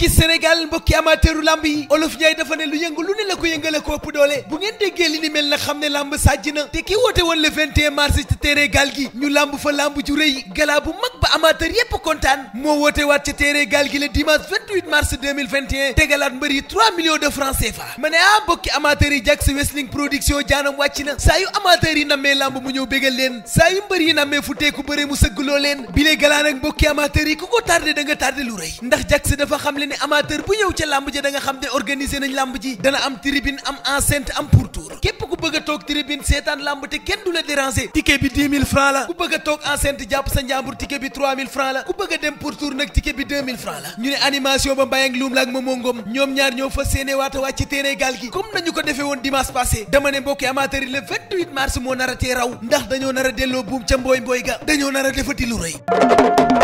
mbokki Sénégal mbokki amateuru lamb yi olof Ndiaye dafa ne lu yëngu lu ne la ko yëngale ko ëpp doole bu ngeen déggee li ni mel na xam ne lamb sàjj na te ki woote woon le 21 mars ci terrain gaal gi ñu lamb fa lamb ju rëy gala bu mag ba amateur yépp kontaan moo woote waat ca terrain gaal gi le dimanche 28 mars 2021 tegalaat mbër yi 3 millions de francs CFA ma ne ah mbokki amateur yi Jax Wrestling production jaanam wàcc na saa yu amateur yi nammee lamb mu ñëw bégal leen saa yu mbër yi nammee fu teeku bëre mu ko tardé da ne amateur bu ñëw ca làmb ji da nga xam ne organiser nañ làmb ji dana am tribune am enceinte am pourtour képp ku bëgg a toog tribune seetaan làmb te kenn du la déranger ticket bi 10 000 la ku bëgg a toog enceinte jàpp sa njàmbur ticket bi 3 000 la ku bëgg a dem pourtour nag ticket bi 2 000 la ñu ne animation ba Mbayang Loum la ak Momo Ngom ñoom ñaar ñoo fa séene waata wàcc ci terrain gi comme nañu ko defee woon dimanche passé dama ne mbokki amateur yi